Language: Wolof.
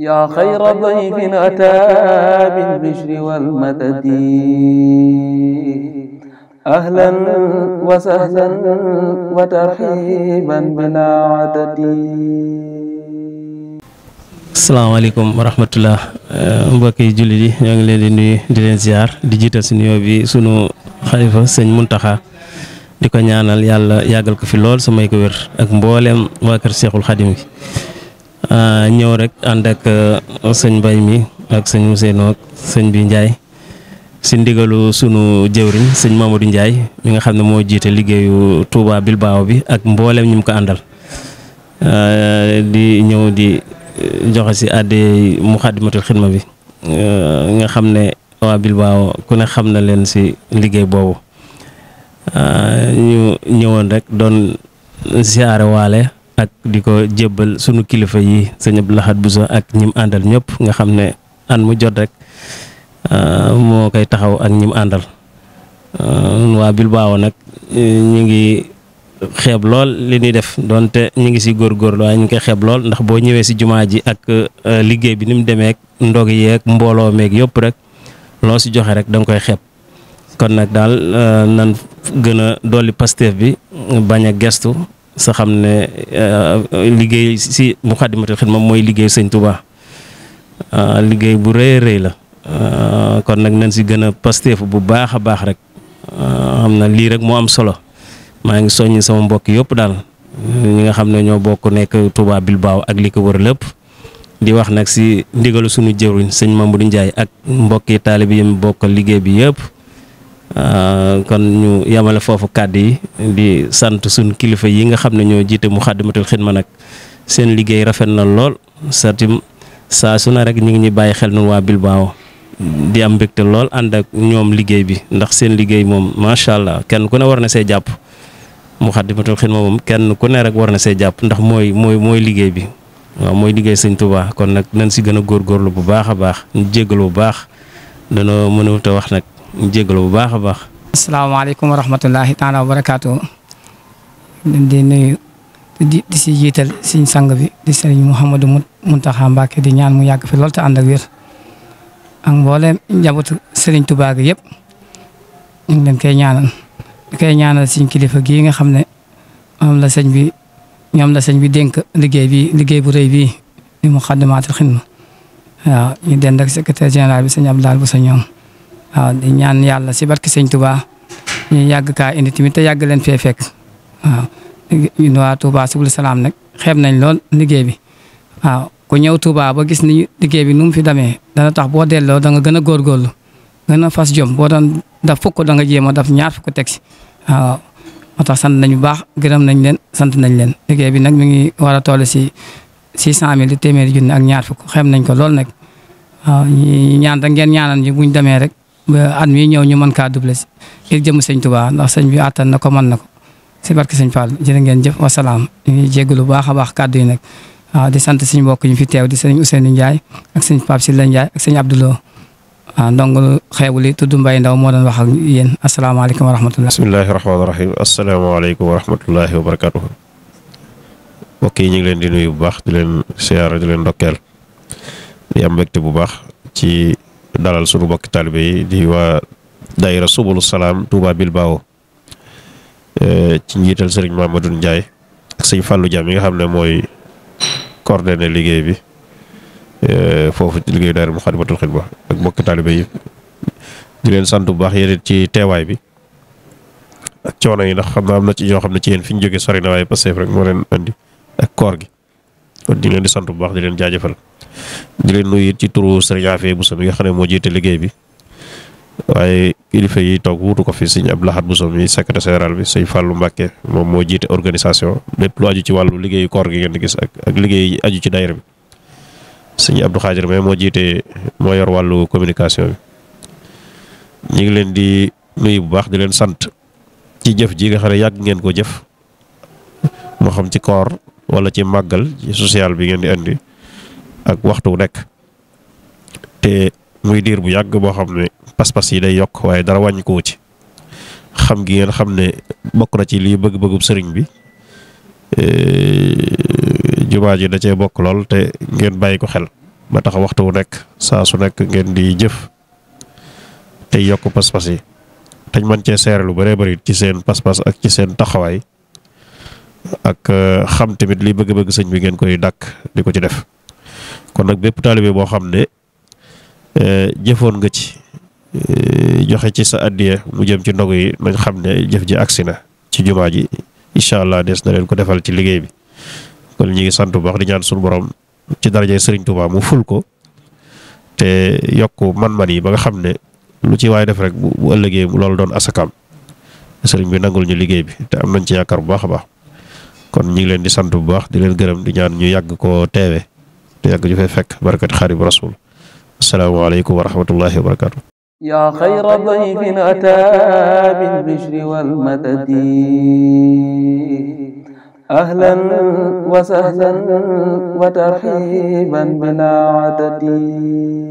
yaa xayra dayfin ataa bil bishri wal madadi ahlan wa sahlan wa tarxiiban bilaa adadi. asalaamaaleykum wa rahmatullah eh, mbokki jullit yi ñoo ngi leen di nuyu di leen ziar di jiital si nuyoo bi sunu xalifa sëñ Muntaxa di ko ñaanal yàlla yàggal ko fi lool su may ko wér ak mbooleem waa kër Seexul Xadim bi Euh, ñëw rek ànd ak euh, sëñ mbay mi ak sëñ Ousseynou ak sëñ bi Ndiaye si ndigalu sunu jëwriñ sëñ Mamadou Ndiaye mi nga xam ne moo jiite liggéeyu Touba Bilbao bi ak mboolem ñu ko àndal euh, di ñëw di joxe si àddee Muxaddamatul Xidma bi nga xam ne waa Bilbao ku ne xam na leen si liggéey boobu ñu ñëwoon rek doon siyaare waale ak di ko jébbal sunu kilifa yi sëñ Abdou bu Bousso ak ñim àndal ñëpp nga xam ne an mu jot rek euh, moo koy taxaw ak ñim àndal euh, waa bil Bilbao nag euh, ñu ngi xeeb lool li ñuy def donte ñu ngi si góor góorgóorlu waaye ñu ngi koy xeeb lool ndax boo ñëwee si jumaa ji ak liggéey bi ni mu demee ndog yeeg mbooloo meek yëpp rek loo si joxe rek da koy xeeb kon nag daal nan gën dolli Pastef bi bañ a gestu sa xam ne euh, liggéey si Moukhaddamatoul Khidma mooy liggéey sëñ Touba euh, liggéey bu rëy rëy la euh, kon nag nañ si gën a pasteefu bu baax a baax rek xam na lii rek moo am solo maa ngi soññ sama mbokk yëpp daal ñi nga xam ne ñoo bokk nekk Touba Bilbao ak li ko war lépp di wax nag si ndigalu suñu jëwriñ sëñ Mamadou Ndiaye ak mbokki taalibe yi mu bokkal liggéey bi yëpp Euh, kon ñu yamale foofu kàdd yi di sant suñ kilifa yi nga xam ne ñoo jiite Muxaddamatul Xidma nag seen liggéey rafet na lool satim saa su na rek ñu ngi ñuy bàyyi xel nun waa Bilbao di am mbégte lool ànd ak ñoom liggéey bi ndax seen liggéey moom macha allah kenn ku ne war na see jàpp Muxaddamatul Xidma moom kenn ku ne rek war na see jàpp ndax mooy mooy mooy liggéey bi waaw mooy liggéey sëñ Tuubaa kon nag nañ si gën a góor góorlu bu baax a baax ñu jéggal bu baax danoo mënut a wax nag. ñu bu baax a baax. asalaamaaleykum wa rahmatullahi taala wa di nuyu di di si jiital siñ sang bi di sëriñ Mouhamadou Mountakha Mbacké di ñaan mu yàgg fi lool te ànd ak wér. ak mboolem njabootu sëriñ Touba yëpp ñu ngi leen koy ñaanal di koy ñaanal siñ kilifa gii nga xam ne moom la sëñ bi ñoom la sëñ bi dénk liggéey bi liggéey bu rëy bii di Moukhaddamatoul Khidma waaw ñu dend ak secrétaire général bi sëñ Abdoulaye bu sa waaw di ñaan yàlla si barki sëñ Touba ñu yàgg kaa indi tamit te yàgg leen fee fekk waaw ñun waa Touba Subul Salaam nag xeeb nañ lool liggéey bi waaw ku ñëw tubaa ba gis ni liggéey bi nu mu fi demee dana tax boo delloo da nga gën a góorgóorlu gën a fas jom boo doon daf fukk da nga jéem a daf ñaar fukk teg moo tax sant nañu baax gërëm nañ leen sant nañ leen liggéey bi nag mi ngi war a toll si six cent mille téeméeri junne ak ñaar fukk xeeb nañ ko lool nag waaw ñi ngeen ñaanal ñi buñ demee rek at mi ñëw ñu mën kaa doublé si ngir jëm sëñ Tuubaa ndax sëñ bi àttan na ko mën na ko si barke sëñ Fall jërë ngeen jëf wasalaam ñu ngi jégalu bu baax a baax kàddu yi nag waaw ah, di sant suñu mbokk ñu fi teew di sëñ Ousseynou njaay ak sëñ Pape Sylla Ndiaye ak sëñ Abdoulou waaw ah, ndongo xeebu mbay tudd Mbaye Ndaw moo doon wax ak yéen asalaamaaleykum wa rahmatulah. bismillahi rahmaani rahim asalaamaaleykum wa rahmatullahi wa yi ñu ngi leen di nuyu bu baax di leen siyaara di bu baax dalal sunu mbokki taalibe yi di waa daayira subulu salaam Touba Bilbao e, ci njiital sëriñ Mamadou njaay ak sëñ Fallou Dia mi nga xam ne mooy coordonné liggéey bi e, foofu liggéeyu daayira Muxaddamatul Xidma ak bokk taalibe yi di leen sant bu baax yéen ci teewaay bi ak coono yi ndax xam na am na ci ñoo xam ne ci yéen fi ñu jógee sori na waaye Pastef rek moo leen indi ak koor gi. di leen di sant bu baax di leen jaajëfal di leen nuyu ci turu sëriñ Afee so mi nga xam ne moo jiite liggéey bi waaye kilifa yi toog wutu ko fi ab Abdou bu so mi secrétaire général bi sëñ Fallou Mbacke moom moo jiite organisation lépp lu ci wàllu liggéeyu gi ngeen di gis ak ak liggéey aju ci daayira bi sëñ moo jiite moo yor wàllu communication bi ñu ngi leen di nuyu bu baax di leen sant ci jëf ji nga xam ne yàgg ngeen koo jëf moo xam ci koor wala ci màggal ci social bi ngeen di indi ak waxtu nekk te muy diir bu yàgg boo xam ne pas-pas yi day yokk waaye dara wàññi koo ci xam gi ngeen xam ne bokk na ci lii bëgg-bëggub sëriñ bi e, jumaa ji da cee bokk lool te ngeen bàyyi ko xel ba tax waxtu wu nekk saa su nekk ngeen di jëf te yokk pas-pas yi tañ man cee seere lu bëree bëri ci seen pas-pas ak ci seen taxawaay ak euh, xam tamit li bëgg-bëgg sëñ bi ngeen koy dàkk di ko ci def kon nag bépp taalibe boo xam ne euh, jëfoon nga ci euh, joxe ci sa addiya mu jëm ci ndog yi nañ xam ne jëf ji agsi na ci jumaa ji incha allah des na leen ko defal ci liggéey bi kon ñu ngi sant bu baax di ñaan suñu borom ci darajay Sëriñ Tuubaa mu ful ko te yokk man-man yi ba nga xam ne lu ci waay def rek bu ëllëgee loolu doon asakam sëriñ bi nangul ñu liggéey bi te am nañ ci yaakaar bu baax a baax. kon ñu ngi leen di sant bu baax di leen gërëm di ñaan ñu yàgg ko teewe te yàgg ju fay fekk barkat xarim rasul asalaamaaleykum wa rahmatullahi wa barakatu yaa xayra dayfin ataa bil bishri wal madadi ahlan wa sahlan wa tarhiban bila adadi